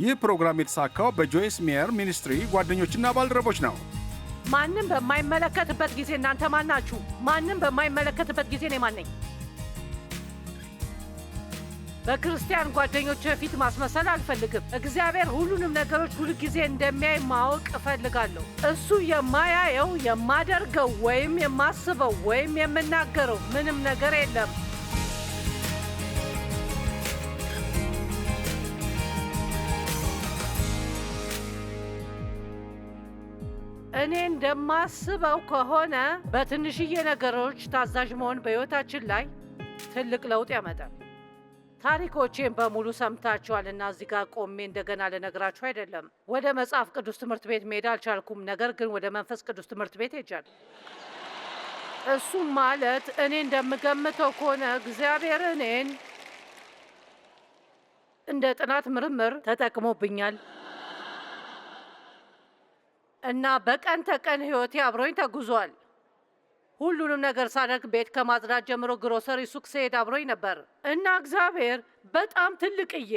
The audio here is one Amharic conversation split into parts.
ይህ ፕሮግራም የተሳካው በጆይስ ሚየር ሚኒስትሪ ጓደኞችና ባልደረቦች ነው። ማንም በማይመለከትበት ጊዜ እናንተ ማን ናችሁ? ማንም በማይመለከትበት ጊዜ እኔ ማን ነኝ? በክርስቲያን ጓደኞች ፊት ማስመሰል አልፈልግም። እግዚአብሔር ሁሉንም ነገሮች ሁል ጊዜ እንደሚያይ ማወቅ እፈልጋለሁ። እሱ የማያየው የማደርገው፣ ወይም የማስበው ወይም የምናገረው ምንም ነገር የለም። እኔ እንደማስበው ከሆነ በትንሽዬ ነገሮች ታዛዥ መሆን በሕይወታችን ላይ ትልቅ ለውጥ ያመጣል። ታሪኮቼን በሙሉ ሰምታችኋልና እዚህ ጋር ቆሜ እንደገና ልነግራችሁ አይደለም። ወደ መጽሐፍ ቅዱስ ትምህርት ቤት መሄድ አልቻልኩም፣ ነገር ግን ወደ መንፈስ ቅዱስ ትምህርት ቤት ሄጃል። እሱም ማለት እኔ እንደምገምተው ከሆነ እግዚአብሔር እኔን እንደ ጥናት ምርምር ተጠቅሞብኛል። እና በቀን ተቀን ህይወቴ አብሮኝ ተጉዟል። ሁሉንም ነገር ሳደርግ ቤት ከማጽዳት ጀምሮ ግሮሰሪ ሱቅ ስሄድ አብሮኝ ነበር እና እግዚአብሔር በጣም ትልቅዬ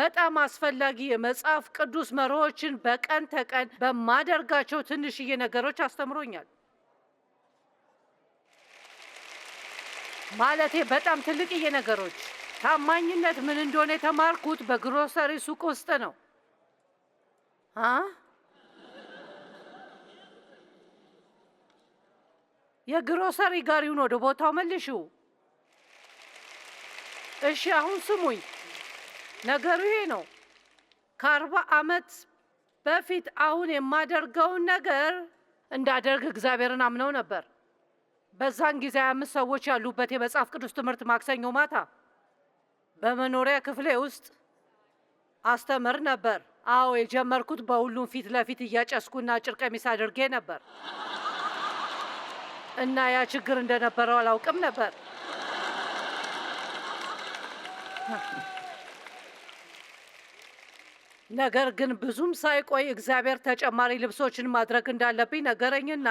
በጣም አስፈላጊ የመጽሐፍ ቅዱስ መርሆችን በቀን ተቀን በማደርጋቸው ትንሽዬ ነገሮች አስተምሮኛል። ማለቴ በጣም ትልቅዬ ነገሮች። ታማኝነት ምን እንደሆነ የተማርኩት በግሮሰሪ ሱቅ ውስጥ ነው። የግሮሰሪ ጋሪውን ወደ ቦታው መልሹ እሺ፣ አሁን ስሙኝ። ነገሩ ይሄ ነው። ከአርባ ዓመት በፊት አሁን የማደርገውን ነገር እንዳደርግ እግዚአብሔርን አምነው ነበር። በዛን ጊዜ አምስት ሰዎች ያሉበት የመጽሐፍ ቅዱስ ትምህርት ማክሰኞ ማታ በመኖሪያ ክፍሌ ውስጥ አስተምር ነበር። አዎ የጀመርኩት በሁሉም ፊት ለፊት እያጨስኩና አጭር ቀሚስ አድርጌ ነበር። እና ያ ችግር እንደነበረው አላውቅም ነበር። ነገር ግን ብዙም ሳይቆይ እግዚአብሔር ተጨማሪ ልብሶችን ማድረግ እንዳለብኝ ነገረኝና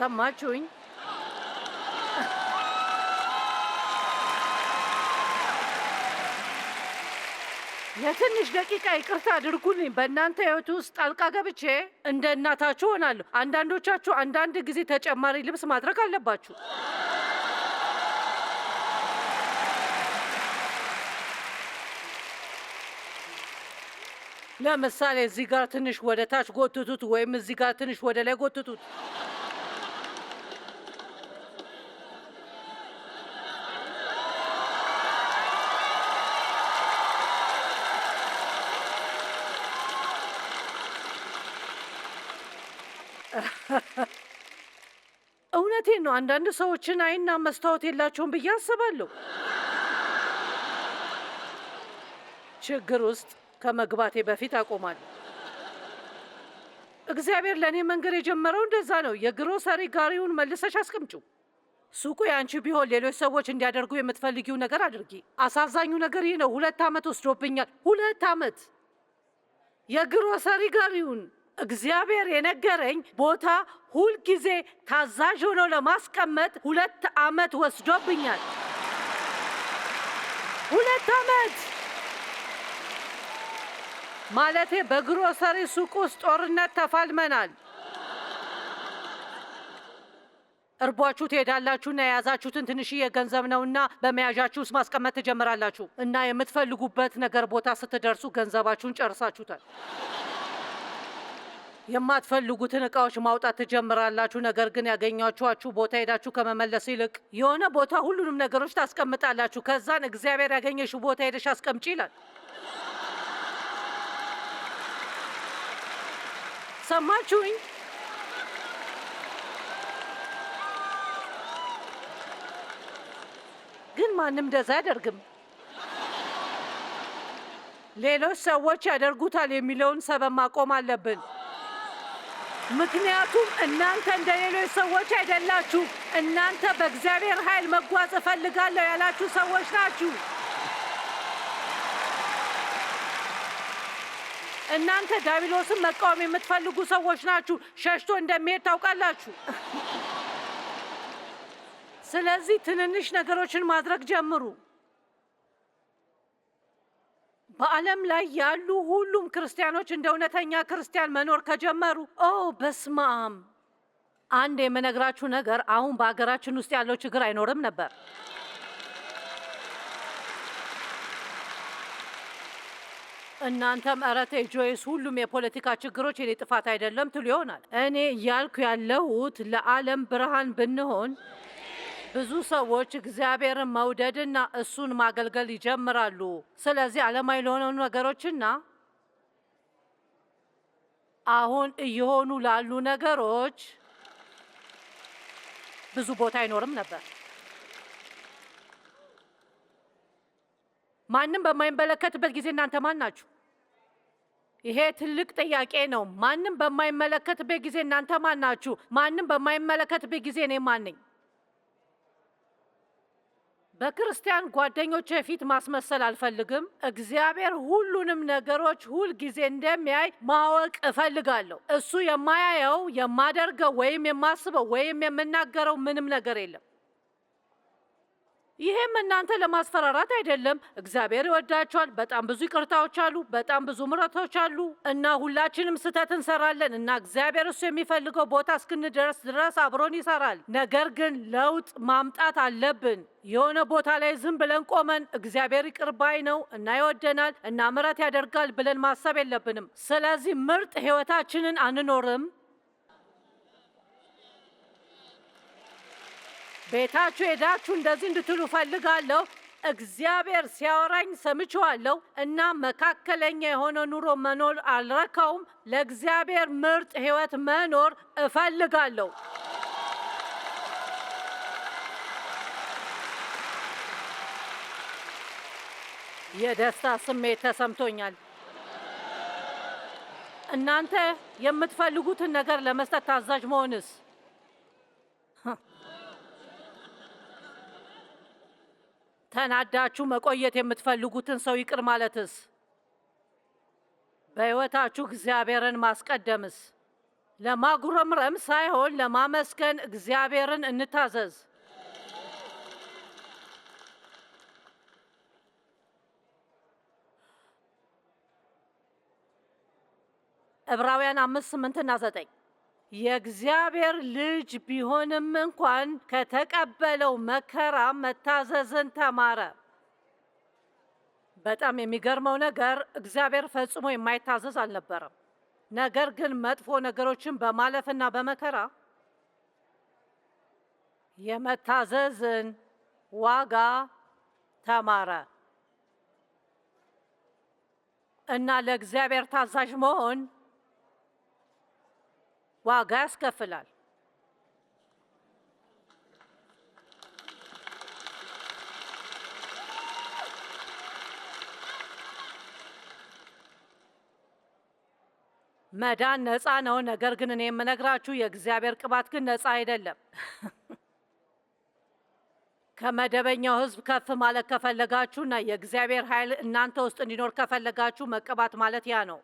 ሰማችሁኝ። የትንሽ ደቂቃ ይቅርታ አድርጉልኝ። በእናንተ ህይወት ውስጥ ጣልቃ ገብቼ እንደ እናታችሁ ሆናለሁ። አንዳንዶቻችሁ አንዳንድ ጊዜ ተጨማሪ ልብስ ማድረግ አለባችሁ። ለምሳሌ እዚህ ጋር ትንሽ ወደ ታች ጎትቱት፣ ወይም እዚህ ጋር ትንሽ ወደ ላይ ጎትቱት። እውነቴን ነው። አንዳንድ ሰዎችን አይና መስታወት የላቸውም ብዬ አስባለሁ። ችግር ውስጥ ከመግባቴ በፊት አቆማለሁ። እግዚአብሔር ለእኔ መንገድ የጀመረው እንደዛ ነው። የግሮሰሪ ጋሪውን መልሰሽ አስቀምጪው። ሱቁ የአንቺ ቢሆን ሌሎች ሰዎች እንዲያደርጉ የምትፈልጊው ነገር አድርጊ። አሳዛኙ ነገር ይህ ነው። ሁለት ዓመት ወስዶብኛል። ሁለት ዓመት የግሮሰሪ ጋሪውን እግዚአብሔር የነገረኝ ቦታ ሁልጊዜ ታዛዥ ሆኖ ለማስቀመጥ ሁለት ዓመት ወስዶብኛል። ሁለት ዓመት ማለቴ በግሮሰሪ ሱቅ ውስጥ ጦርነት ተፋልመናል። እርቧችሁ ትሄዳላችሁና የያዛችሁትን ትንሽዬ ገንዘብ ነውና በመያዣችሁ ውስጥ ማስቀመጥ ትጀምራላችሁ እና የምትፈልጉበት ነገር ቦታ ስትደርሱ ገንዘባችሁን ጨርሳችሁታል። የማትፈልጉትን እቃዎች ማውጣት ትጀምራላችሁ። ነገር ግን ያገኛችኋችሁ ቦታ ሄዳችሁ ከመመለስ ይልቅ የሆነ ቦታ ሁሉንም ነገሮች ታስቀምጣላችሁ። ከዛን እግዚአብሔር ያገኘሽ ቦታ ሄደሽ አስቀምጪ ይላል። ሰማችሁኝ? ግን ማንም እንደዛ አያደርግም። ሌሎች ሰዎች ያደርጉታል የሚለውን ሰበብ ማቆም አለብን። ምክንያቱም እናንተ እንደ ሌሎች ሰዎች አይደላችሁ። እናንተ በእግዚአብሔር ኃይል መጓዝ እፈልጋለሁ ያላችሁ ሰዎች ናችሁ። እናንተ ዳቢሎስን መቃወም የምትፈልጉ ሰዎች ናችሁ። ሸሽቶ እንደሚሄድ ታውቃላችሁ። ስለዚህ ትንንሽ ነገሮችን ማድረግ ጀምሩ። በዓለም ላይ ያሉ ሁሉም ክርስቲያኖች እንደ እውነተኛ ክርስቲያን መኖር ከጀመሩ ኦ በስማም አንድ የምነግራችሁ ነገር አሁን በሀገራችን ውስጥ ያለው ችግር አይኖርም ነበር። እናንተም እረቴ ጆይስ፣ ሁሉም የፖለቲካ ችግሮች የኔ ጥፋት አይደለም ትሉ ይሆናል። እኔ እያልኩ ያለሁት ለዓለም ብርሃን ብንሆን ብዙ ሰዎች እግዚአብሔርን መውደድና እሱን ማገልገል ይጀምራሉ። ስለዚህ ዓለማዊ ለሆነኑ ነገሮችና አሁን እየሆኑ ላሉ ነገሮች ብዙ ቦታ አይኖርም ነበር። ማንም በማይመለከትበት ጊዜ እናንተ ማን ናችሁ? ይሄ ትልቅ ጥያቄ ነው። ማንም በማይመለከትበት ጊዜ እናንተ ማን ናችሁ? ማንም በማይመለከትበት ጊዜ እኔ ማን ነኝ? በክርስቲያን ጓደኞች ፊት ማስመሰል አልፈልግም። እግዚአብሔር ሁሉንም ነገሮች ሁል ጊዜ እንደሚያይ ማወቅ እፈልጋለሁ። እሱ የማያየው የማደርገው ወይም የማስበው ወይም የምናገረው ምንም ነገር የለም። ይሄም እናንተ ለማስፈራራት አይደለም። እግዚአብሔር ይወዳቸዋል። በጣም ብዙ ይቅርታዎች አሉ፣ በጣም ብዙ ምረቶች አሉ እና ሁላችንም ስህተት እንሰራለን እና እግዚአብሔር እሱ የሚፈልገው ቦታ እስክንደረስ ድረስ አብሮን ይሰራል። ነገር ግን ለውጥ ማምጣት አለብን። የሆነ ቦታ ላይ ዝም ብለን ቆመን እግዚአብሔር ይቅርባይ ነው እና ይወደናል እና ምረት ያደርጋል ብለን ማሰብ የለብንም። ስለዚህ ምርጥ ህይወታችንን አንኖርም ቤታችሁ ሄዳችሁ እንደዚህ እንድትሉ ፈልጋለሁ። እግዚአብሔር ሲያወራኝ ሰምቼዋለሁ እና መካከለኛ የሆነ ኑሮ መኖር አልረካውም። ለእግዚአብሔር ምርጥ ሕይወት መኖር እፈልጋለሁ። የደስታ ስሜት ተሰምቶኛል። እናንተ የምትፈልጉትን ነገር ለመስጠት ታዛዥ መሆንስ ተናዳችሁ መቆየት የምትፈልጉትን ሰው ይቅር ማለትስ? በሕይወታችሁ እግዚአብሔርን ማስቀደምስ? ለማጉረምረም ሳይሆን ለማመስገን እግዚአብሔርን እንታዘዝ። ዕብራውያን አምስት ስምንትና ዘጠኝ የእግዚአብሔር ልጅ ቢሆንም እንኳን ከተቀበለው መከራ መታዘዝን ተማረ። በጣም የሚገርመው ነገር እግዚአብሔር ፈጽሞ የማይታዘዝ አልነበረም። ነገር ግን መጥፎ ነገሮችን በማለፍና በመከራ የመታዘዝን ዋጋ ተማረ እና ለእግዚአብሔር ታዛዥ መሆን ዋጋ ያስከፍላል። መዳን ነፃ ነው። ነገር ግን እኔ የምነግራችሁ የእግዚአብሔር ቅባት ግን ነፃ አይደለም። ከመደበኛው ሕዝብ ከፍ ማለት ከፈለጋችሁ እና የእግዚአብሔር ኃይል እናንተ ውስጥ እንዲኖር ከፈለጋችሁ መቀባት ማለት ያ ነው።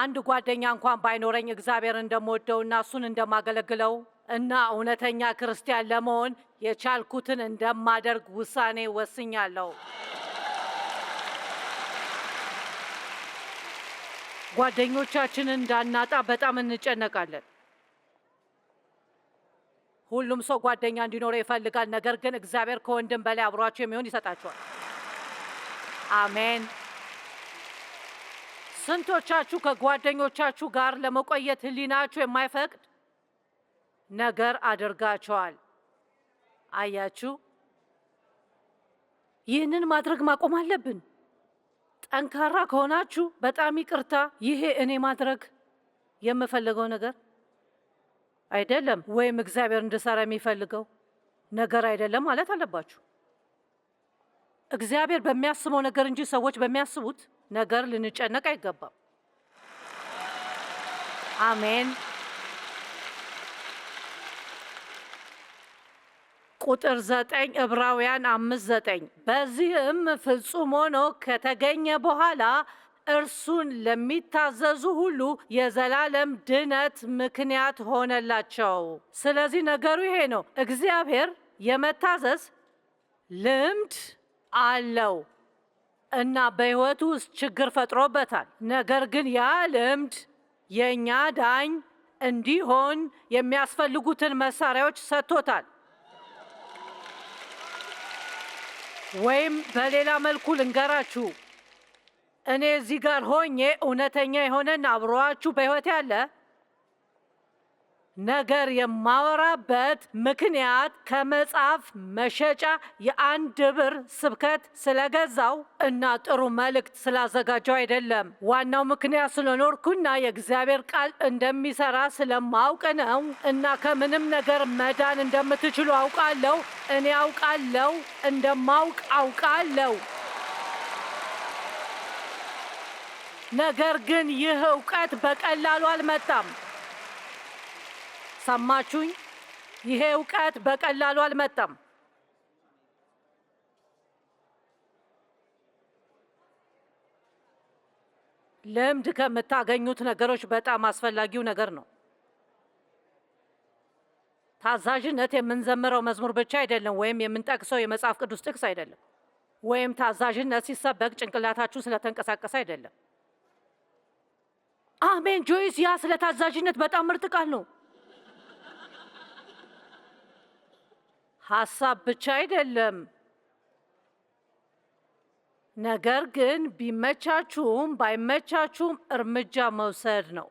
አንድ ጓደኛ እንኳን ባይኖረኝ እግዚአብሔር እንደምወደውና እሱን እንደማገለግለው እና እውነተኛ ክርስቲያን ለመሆን የቻልኩትን እንደማደርግ ውሳኔ ወስኛለሁ። ጓደኞቻችንን እንዳናጣ በጣም እንጨነቃለን። ሁሉም ሰው ጓደኛ እንዲኖረው ይፈልጋል። ነገር ግን እግዚአብሔር ከወንድም በላይ አብሯቸው የሚሆን ይሰጣቸዋል። አሜን። ስንቶቻችሁ ከጓደኞቻችሁ ጋር ለመቆየት ህሊናችሁ የማይፈቅድ ነገር አድርጋችኋል? አያችሁ፣ ይህንን ማድረግ ማቆም አለብን። ጠንካራ ከሆናችሁ በጣም ይቅርታ፣ ይሄ እኔ ማድረግ የምፈልገው ነገር አይደለም፣ ወይም እግዚአብሔር እንድሰራ የሚፈልገው ነገር አይደለም ማለት አለባችሁ። እግዚአብሔር በሚያስበው ነገር እንጂ ሰዎች በሚያስቡት ነገር ልንጨነቅ አይገባም። አሜን። ቁጥር ዘጠኝ ዕብራውያን አምስት ዘጠኝ በዚህም ፍጹም ሆኖ ከተገኘ በኋላ እርሱን ለሚታዘዙ ሁሉ የዘላለም ድነት ምክንያት ሆነላቸው። ስለዚህ ነገሩ ይሄ ነው። እግዚአብሔር የመታዘዝ ልምድ አለው። እና በህይወቱ ውስጥ ችግር ፈጥሮበታል። ነገር ግን ያ ልምድ የእኛ ዳኝ እንዲሆን የሚያስፈልጉትን መሳሪያዎች ሰጥቶታል። ወይም በሌላ መልኩ ልንገራችሁ፣ እኔ እዚህ ጋር ሆኜ እውነተኛ የሆነና አብሮችሁ በህይወት ያለ ነገር የማወራበት ምክንያት ከመጽሐፍ መሸጫ የአንድ ብር ስብከት ስለገዛው እና ጥሩ መልእክት ስላዘጋጀው አይደለም። ዋናው ምክንያት ስለኖርኩና የእግዚአብሔር ቃል እንደሚሰራ ስለማውቅ ነው። እና ከምንም ነገር መዳን እንደምትችሉ አውቃለሁ። እኔ አውቃለሁ፣ እንደማውቅ አውቃለሁ። ነገር ግን ይህ እውቀት በቀላሉ አልመጣም። ሰማችሁኝ? ይሄ እውቀት በቀላሉ አልመጣም። ልምድ ከምታገኙት ነገሮች በጣም አስፈላጊው ነገር ነው። ታዛዥነት የምንዘምረው መዝሙር ብቻ አይደለም፣ ወይም የምንጠቅሰው የመጽሐፍ ቅዱስ ጥቅስ አይደለም፣ ወይም ታዛዥነት ሲሰበክ ጭንቅላታችሁ ስለተንቀሳቀሰ አይደለም። አሜን ጆይስ፣ ያ ስለ ታዛዥነት በጣም ምርጥ ቃል ነው። ሀሳብ ብቻ አይደለም። ነገር ግን ቢመቻችሁም ባይመቻችሁም እርምጃ መውሰድ ነው።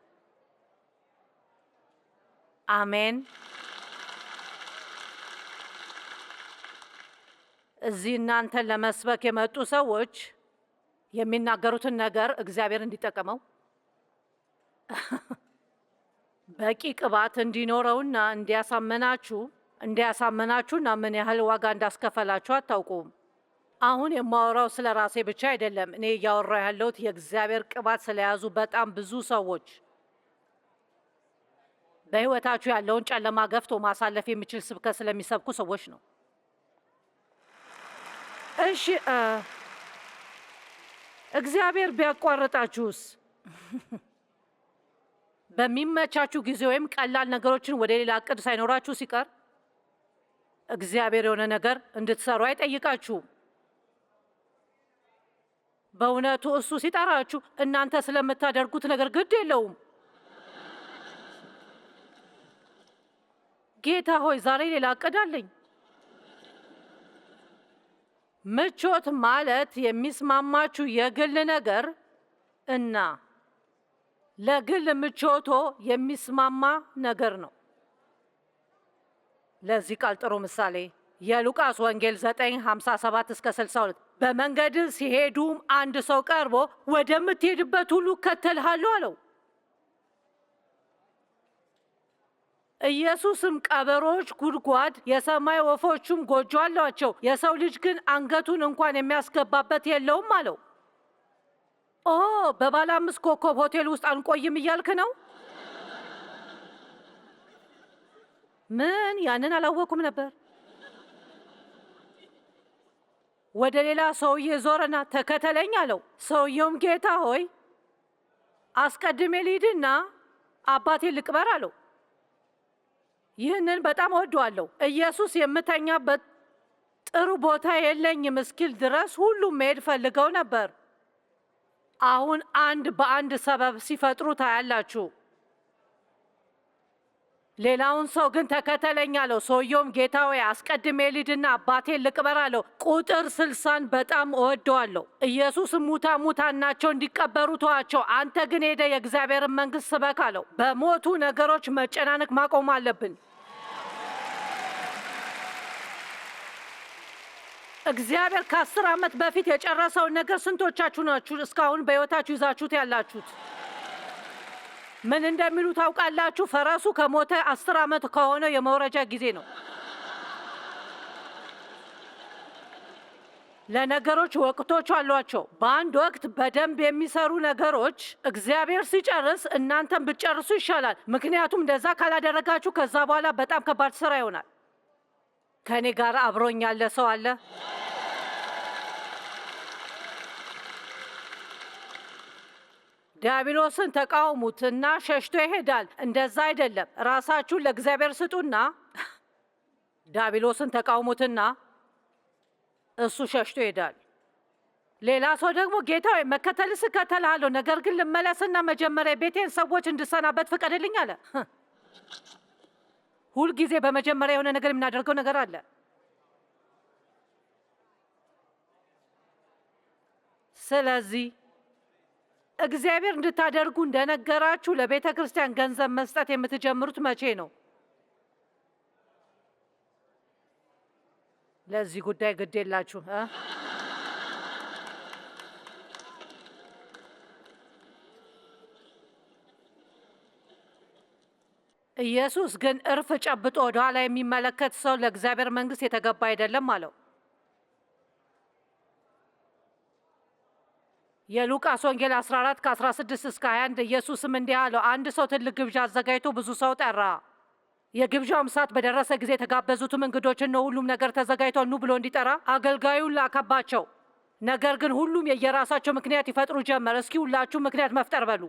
አሜን። እዚህ እናንተን ለመስበክ የመጡ ሰዎች የሚናገሩትን ነገር እግዚአብሔር እንዲጠቀመው በቂ ቅባት እንዲኖረውና እንዲያሳምናችሁ እንዲያሳመናችሁና ምን ያህል ዋጋ እንዳስከፈላችሁ አታውቁም። አሁን የማወራው ስለ ራሴ ብቻ አይደለም። እኔ እያወራው ያለሁት የእግዚአብሔር ቅባት ስለያዙ በጣም ብዙ ሰዎች በሕይወታችሁ ያለውን ጨለማ ገፍቶ ማሳለፍ የሚችል ስብከት ስለሚሰብኩ ሰዎች ነው። እሺ፣ እግዚአብሔር ቢያቋርጣችሁስ? በሚመቻችሁ ጊዜ ወይም ቀላል ነገሮችን ወደ ሌላ እቅድ ሳይኖራችሁ ሲቀር እግዚአብሔር የሆነ ነገር እንድትሰሩ አይጠይቃችሁም። በእውነቱ እሱ ሲጠራችሁ እናንተ ስለምታደርጉት ነገር ግድ የለውም። ጌታ ሆይ ዛሬ ሌላ እቅድ አለኝ። ምቾት ማለት የሚስማማችሁ የግል ነገር እና ለግል ምቾቶ የሚስማማ ነገር ነው። ለዚህ ቃል ጥሩ ምሳሌ የሉቃስ ወንጌል 9:57 እስከ 62 በመንገድ ሲሄዱም አንድ ሰው ቀርቦ ወደምትሄድበት ሁሉ እከተልሃለሁ አለው። ኢየሱስም ቀበሮች ጉድጓድ፣ የሰማይ ወፎቹም ጎጆ አሏቸው፣ የሰው ልጅ ግን አንገቱን እንኳን የሚያስገባበት የለውም አለው። ኦ በባለ አምስት ኮከብ ሆቴል ውስጥ አንቆይም እያልክ ነው? ምን? ያንን አላወኩም ነበር። ወደ ሌላ ሰውዬ ዞረና ተከተለኝ አለው። ሰውየውም ጌታ ሆይ አስቀድሜ ልሂድና አባቴ ልቅበር አለው። ይህንን በጣም እወደዋለሁ። ኢየሱስ የምተኛበት ጥሩ ቦታ የለኝም እስኪል ድረስ ሁሉም መሄድ ፈልገው ነበር። አሁን አንድ በአንድ ሰበብ ሲፈጥሩ ታያላችሁ። ሌላውን ሰው ግን ተከተለኝ አለው። ሰውየውም ጌታ ሆይ አስቀድሜ ልድና አባቴን ልቅበር አለው። ቁጥር ስልሳን በጣም እወደዋለሁ። ኢየሱስም ሙታ ሙታናቸው እንዲቀበሩ ተዋቸው፣ አንተ ግን ሄደ የእግዚአብሔርን መንግስት ስበክ አለው። በሞቱ ነገሮች መጨናነቅ ማቆም አለብን። እግዚአብሔር ከአስር ዓመት በፊት የጨረሰውን ነገር ስንቶቻችሁ ናችሁ እስካሁን በሕይወታችሁ ይዛችሁት ያላችሁት? ምን እንደሚሉ ታውቃላችሁ? ፈረሱ ከሞተ አስር ዓመት ከሆነው የመውረጃ ጊዜ ነው። ለነገሮች ወቅቶች አሏቸው። በአንድ ወቅት በደንብ የሚሰሩ ነገሮች እግዚአብሔር ሲጨርስ እናንተም ብትጨርሱ ይሻላል። ምክንያቱም እንደዛ ካላደረጋችሁ ከዛ በኋላ በጣም ከባድ ስራ ይሆናል። ከእኔ ጋር አብሮኝ ያለ ሰው አለ? ዲያብሎስን ተቃውሙትና ሸሽቶ ይሄዳል። እንደዛ አይደለም። ራሳችሁን ለእግዚአብሔር ስጡና ዲያብሎስን ተቃውሙትና እሱ ሸሽቶ ይሄዳል። ሌላ ሰው ደግሞ ጌታ ወይ መከተልስ እከተልሃለሁ፣ ነገር ግን ልመለስና መጀመሪያ ቤቴን ሰዎች እንድሰናበት ፍቀድልኝ አለ። ሁልጊዜ በመጀመሪያ የሆነ ነገር የምናደርገው ነገር አለ። ስለዚህ እግዚአብሔር እንድታደርጉ እንደነገራችሁ ለቤተ ክርስቲያን ገንዘብ መስጠት የምትጀምሩት መቼ ነው? ለዚህ ጉዳይ ግድ ኢየሱስ ግን እርፍ ጨብጦ ወደኋላ የሚመለከት ሰው ለእግዚአብሔር መንግሥት የተገባ አይደለም አለው። የሉቃስ ወንጌል 14 ከ16 እስከ 21 ኢየሱስም እንዲህ አለው፣ አንድ ሰው ትልቅ ግብዣ አዘጋጅቶ ብዙ ሰው ጠራ። የግብዣውም ሰዓት በደረሰ ጊዜ የተጋበዙትም እንግዶችን ነው ሁሉም ነገር ተዘጋጅቶ ኑ ብሎ እንዲጠራ አገልጋዩን ላከባቸው። ነገር ግን ሁሉም የየራሳቸው ምክንያት ይፈጥሩ ጀመር። እስኪ ሁላችሁ ምክንያት መፍጠር በሉ።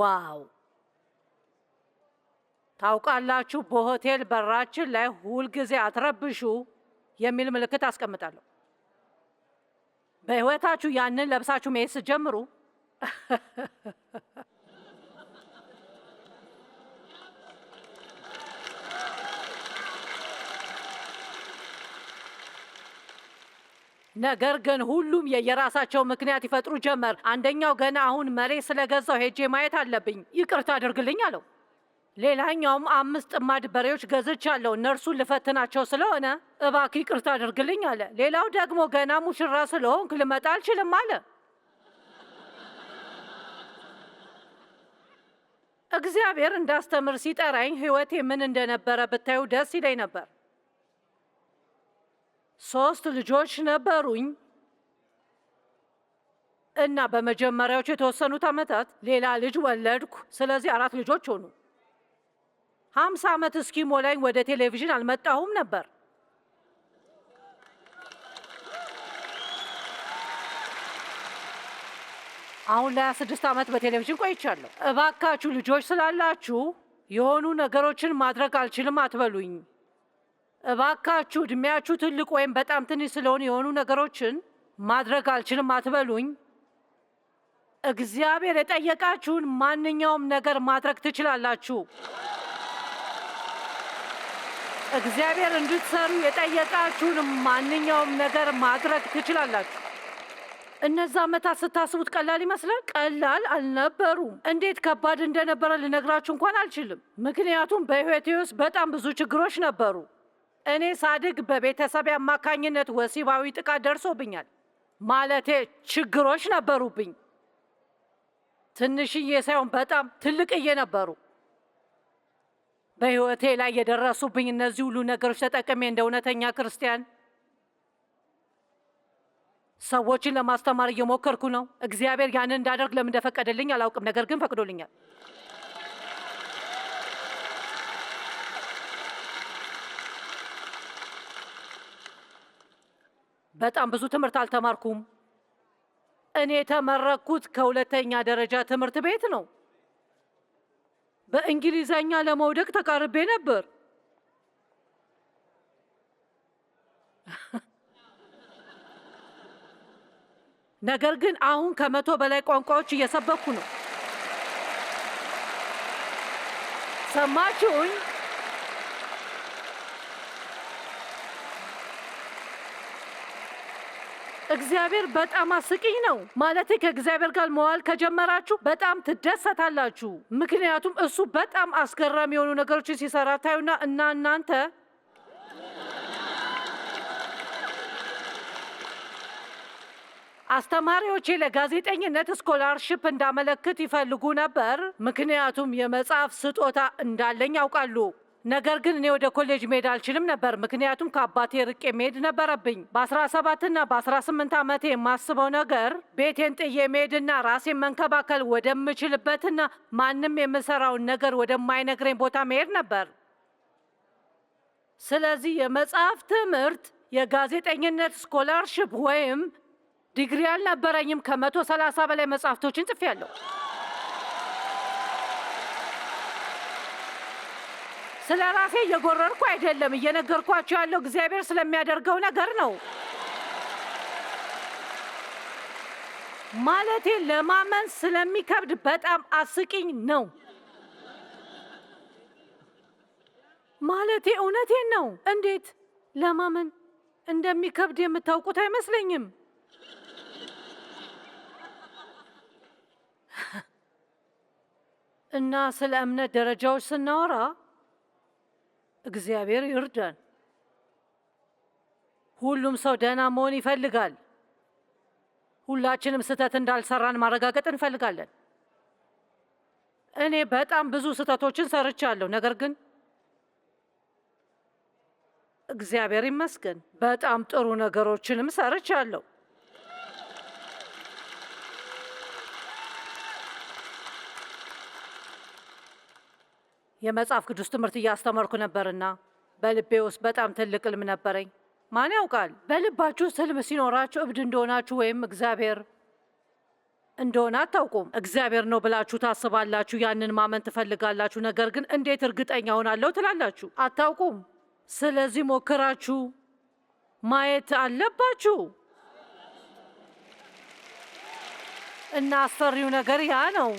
ዋው! ታውቃላችሁ፣ በሆቴል በራችን ላይ ሁልጊዜ አትረብሹ የሚል ምልክት አስቀምጣለሁ። በህይወታችሁ ያንን ለብሳችሁ መሄድ ስትጀምሩ ነገር ግን ሁሉም የየራሳቸው ምክንያት ይፈጥሩ ጀመር። አንደኛው ገና አሁን መሬት ስለገዛው ሄጄ ማየት አለብኝ፣ ይቅርታ አድርግልኝ አለው። ሌላኛውም አምስት ጥማድ በሬዎች ገዝቻለሁ። እነርሱን ልፈትናቸው ስለሆነ እባክ ይቅርታ አድርግልኝ አለ። ሌላው ደግሞ ገና ሙሽራ ስለሆንክ ልመጣ አልችልም አለ። እግዚአብሔር እንዳስተምር ሲጠራኝ ህይወቴ ምን እንደነበረ ብታዩ ደስ ይለኝ ነበር። ሶስት ልጆች ነበሩኝ እና በመጀመሪያዎች የተወሰኑት ዓመታት ሌላ ልጅ ወለድኩ። ስለዚህ አራት ልጆች ሆኑ። ሀምሳ ዓመት እስኪሞላኝ ወደ ቴሌቪዥን አልመጣሁም ነበር። አሁን ለሀያ ስድስት ዓመት በቴሌቪዥን ቆይቻለሁ። እባካችሁ ልጆች ስላላችሁ የሆኑ ነገሮችን ማድረግ አልችልም አትበሉኝ። እባካችሁ እድሜያችሁ ትልቅ ወይም በጣም ትንሽ ስለሆኑ የሆኑ ነገሮችን ማድረግ አልችልም አትበሉኝ። እግዚአብሔር የጠየቃችሁን ማንኛውም ነገር ማድረግ ትችላላችሁ። እግዚአብሔር እንድትሰሩ የጠየቃችሁን ማንኛውም ነገር ማድረግ ትችላላችሁ። እነዛ ዓመታት ስታስቡት ቀላል ይመስላል። ቀላል አልነበሩም። እንዴት ከባድ እንደነበረ ልነግራችሁ እንኳን አልችልም። ምክንያቱም በሕይወቴ ውስጥ በጣም ብዙ ችግሮች ነበሩ። እኔ ሳድግ በቤተሰብ አማካኝነት ወሲባዊ ጥቃት ደርሶብኛል። ማለቴ ችግሮች ነበሩብኝ። ትንሽዬ ሳይሆን በጣም ትልቅዬ ነበሩ። በህይወቴ ላይ የደረሱብኝ እነዚህ ሁሉ ነገሮች ተጠቅሜ እንደ እውነተኛ ክርስቲያን ሰዎችን ለማስተማር እየሞከርኩ ነው። እግዚአብሔር ያንን እንዳደርግ ለምን እንደፈቀደልኝ አላውቅም፣ ነገር ግን ፈቅዶልኛል። በጣም ብዙ ትምህርት አልተማርኩም። እኔ የተመረኩት ከሁለተኛ ደረጃ ትምህርት ቤት ነው። በእንግሊዘኛ ለመውደቅ ተቃርቤ ነበር። ነገር ግን አሁን ከመቶ በላይ ቋንቋዎች እየሰበኩ ነው። ሰማችሁኝ? እግዚአብሔር በጣም አስቂኝ ነው። ማለት ከእግዚአብሔር ጋር መዋል ከጀመራችሁ በጣም ትደሰታላችሁ። ምክንያቱም እሱ በጣም አስገራሚ የሆኑ ነገሮችን ሲሰራ ታዩና እና እናንተ አስተማሪዎቼ ለጋዜጠኝነት ስኮላርሽፕ እንዳመለክት ይፈልጉ ነበር፣ ምክንያቱም የመጽሐፍ ስጦታ እንዳለኝ ያውቃሉ። ነገር ግን እኔ ወደ ኮሌጅ መሄድ አልችልም ነበር፣ ምክንያቱም ከአባቴ ርቄ መሄድ ነበረብኝ። በ17ና በ18 ዓመቴ የማስበው ነገር ቤቴን ጥዬ መሄድና ራሴን መንከባከል ወደምችልበትና ማንም የምሰራውን ነገር ወደማይነግረኝ ቦታ መሄድ ነበር። ስለዚህ የመጽሐፍ ትምህርት የጋዜጠኝነት ስኮላርሽፕ ወይም ዲግሪ አልነበረኝም። ከመቶ ሰላሳ በላይ መጽሐፍቶችን ጽፌያለሁ። ስለ ራሴ እየጎረርኩ አይደለም እየነገርኳቸው ያለው እግዚአብሔር ስለሚያደርገው ነገር ነው። ማለቴ ለማመን ስለሚከብድ በጣም አስቂኝ ነው። ማለቴ እውነቴን ነው። እንዴት ለማመን እንደሚከብድ የምታውቁት አይመስለኝም። እና ስለ እምነት ደረጃዎች ስናወራ እግዚአብሔር ይርዳን። ሁሉም ሰው ደህና መሆን ይፈልጋል። ሁላችንም ስህተት እንዳልሰራን ማረጋገጥ እንፈልጋለን። እኔ በጣም ብዙ ስህተቶችን ሰርቻለሁ፣ ነገር ግን እግዚአብሔር ይመስገን በጣም ጥሩ ነገሮችንም ሰርቻለሁ። የመጽሐፍ ቅዱስ ትምህርት እያስተማርኩ ነበርና በልቤ ውስጥ በጣም ትልቅ ህልም ነበረኝ። ማን ያውቃል በልባችሁ ውስጥ ህልም ሲኖራችሁ እብድ እንደሆናችሁ ወይም እግዚአብሔር እንደሆነ አታውቁም። እግዚአብሔር ነው ብላችሁ ታስባላችሁ፣ ያንን ማመን ትፈልጋላችሁ። ነገር ግን እንዴት እርግጠኛ ሆናለሁ ትላላችሁ፣ አታውቁም። ስለዚህ ሞክራችሁ ማየት አለባችሁ። እና አስፈሪው ነገር ያ ነው።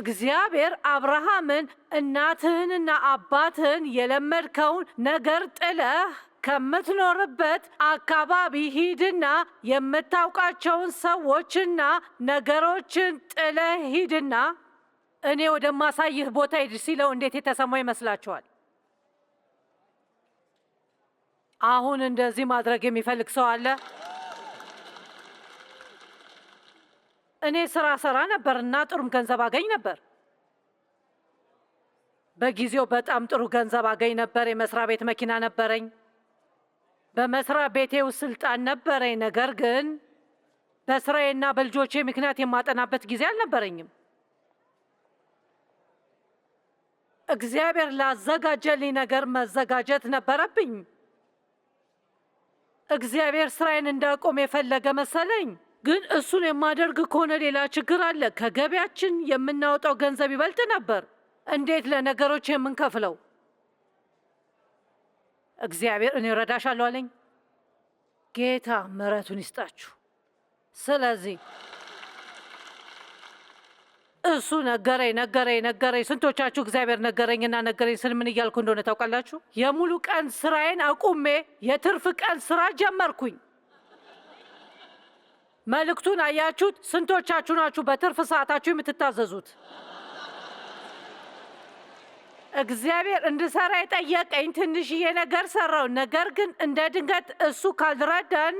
እግዚአብሔር አብርሃምን እናትህንና አባትህን የለመድከውን ነገር ጥለህ ከምትኖርበት አካባቢ ሂድና የምታውቃቸውን ሰዎችና ነገሮችን ጥለህ ሂድና እኔ ወደማሳይህ ቦታ ሂድ ሲለው እንዴት የተሰማ ይመስላችኋል? አሁን እንደዚህ ማድረግ የሚፈልግ ሰው አለ? እኔ ስራ ሰራ ነበር እና ጥሩም ገንዘብ አገኝ ነበር። በጊዜው በጣም ጥሩ ገንዘብ አገኝ ነበር። የመስሪያ ቤት መኪና ነበረኝ። በመስሪያ ቤቴው ስልጣን ነበረኝ። ነገር ግን በስራዬና በልጆቼ ምክንያት የማጠናበት ጊዜ አልነበረኝም። እግዚአብሔር ላዘጋጀልኝ ነገር መዘጋጀት ነበረብኝ። እግዚአብሔር ስራዬን እንዳቆም የፈለገ መሰለኝ። ግን እሱን የማደርግ ከሆነ ሌላ ችግር አለ። ከገቢያችን የምናወጣው ገንዘብ ይበልጥ ነበር። እንዴት ለነገሮች የምንከፍለው? እግዚአብሔር እኔ እረዳሻለሁ አለኝ። ጌታ ምሕረቱን ይስጣችሁ። ስለዚህ እሱ ነገረኝ ነገረኝ ነገረኝ። ስንቶቻችሁ እግዚአብሔር ነገረኝና ነገረኝ ስል ምን እያልኩ እንደሆነ ታውቃላችሁ? የሙሉ ቀን ስራዬን አቁሜ የትርፍ ቀን ስራ ጀመርኩኝ። መልእክቱን አያችሁት? ስንቶቻችሁ ናችሁ በትርፍ ሰዓታችሁ የምትታዘዙት? እግዚአብሔር እንድሰራ የጠየቀኝ ትንሽዬ ነገር ሰራው። ነገር ግን እንደ ድንገት እሱ ካልረዳን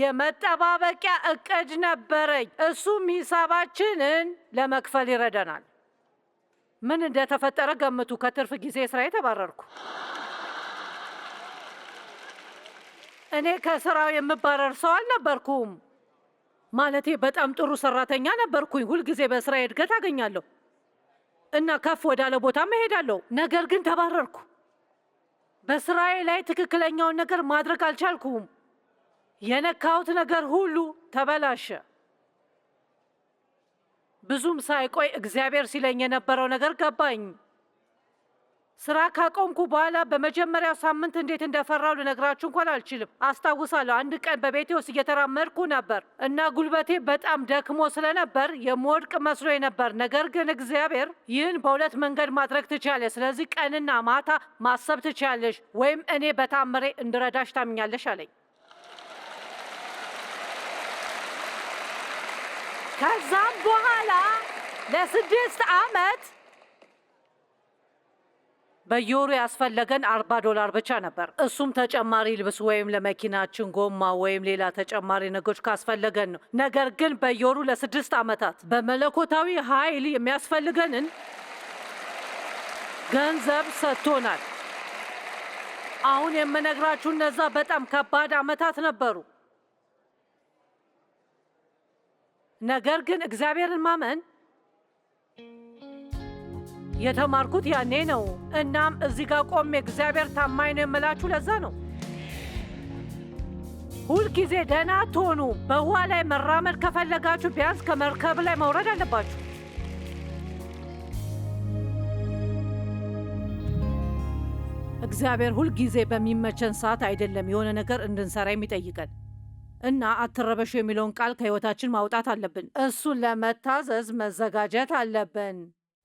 የመጠባበቂያ እቅድ ነበረኝ። እሱም ሂሳባችንን ለመክፈል ይረዳናል። ምን እንደተፈጠረ ገምቱ። ከትርፍ ጊዜ ስራ የተባረርኩ እኔ ከስራው የምባረር ሰው አልነበርኩም። ማለቴ በጣም ጥሩ ሰራተኛ ነበርኩኝ። ሁልጊዜ በስራ እድገት አገኛለሁ እና ከፍ ወዳለ ቦታ መሄዳለሁ። ነገር ግን ተባረርኩ። በስራዬ ላይ ትክክለኛውን ነገር ማድረግ አልቻልኩም። የነካሁት ነገር ሁሉ ተበላሸ። ብዙም ሳይቆይ እግዚአብሔር ሲለኝ የነበረው ነገር ገባኝ። ስራ ካቆምኩ በኋላ በመጀመሪያው ሳምንት እንዴት እንደፈራው ልነግራችሁ እንኳን አልችልም። አስታውሳለሁ አንድ ቀን በቤቴ ውስጥ እየተራመድኩ ነበር እና ጉልበቴ በጣም ደክሞ ስለነበር የምወድቅ መስሎ ነበር። ነገር ግን እግዚአብሔር ይህን በሁለት መንገድ ማድረግ ትችያለሽ፣ ስለዚህ ቀንና ማታ ማሰብ ትችያለሽ፣ ወይም እኔ በታምሬ እንድረዳሽ ታምኛለሽ አለኝ። ከዛም በኋላ ለስድስት ዓመት በየወሩ ያስፈለገን አርባ ዶላር ብቻ ነበር። እሱም ተጨማሪ ልብስ ወይም ለመኪናችን ጎማ ወይም ሌላ ተጨማሪ ነገሮች ካስፈለገን ነው። ነገር ግን በየወሩ ለስድስት ዓመታት በመለኮታዊ ኃይል የሚያስፈልገንን ገንዘብ ሰጥቶናል። አሁን የምነግራችሁ እነዛ በጣም ከባድ ዓመታት ነበሩ። ነገር ግን እግዚአብሔርን ማመን የተማርኩት ያኔ ነው። እናም እዚህ ጋር ቆሜ እግዚአብሔር ታማኝ ነው የምላችሁ ለዛ ነው። ሁልጊዜ ደህና ትሆኑ በውሃ ላይ መራመድ ከፈለጋችሁ ቢያንስ ከመርከብ ላይ መውረድ አለባችሁ። እግዚአብሔር ሁልጊዜ በሚመቸን ሰዓት አይደለም የሆነ ነገር እንድንሰራ የሚጠይቀን እና አትረበሹ የሚለውን ቃል ከህይወታችን ማውጣት አለብን። እሱን ለመታዘዝ መዘጋጀት አለብን።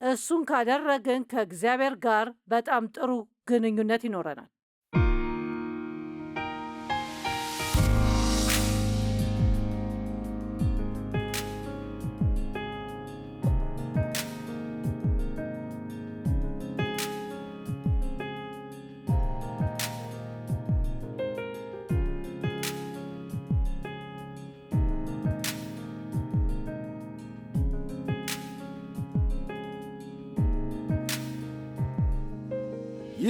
እሱን ካደረግን ከእግዚአብሔር ጋር በጣም ጥሩ ግንኙነት ይኖረናል።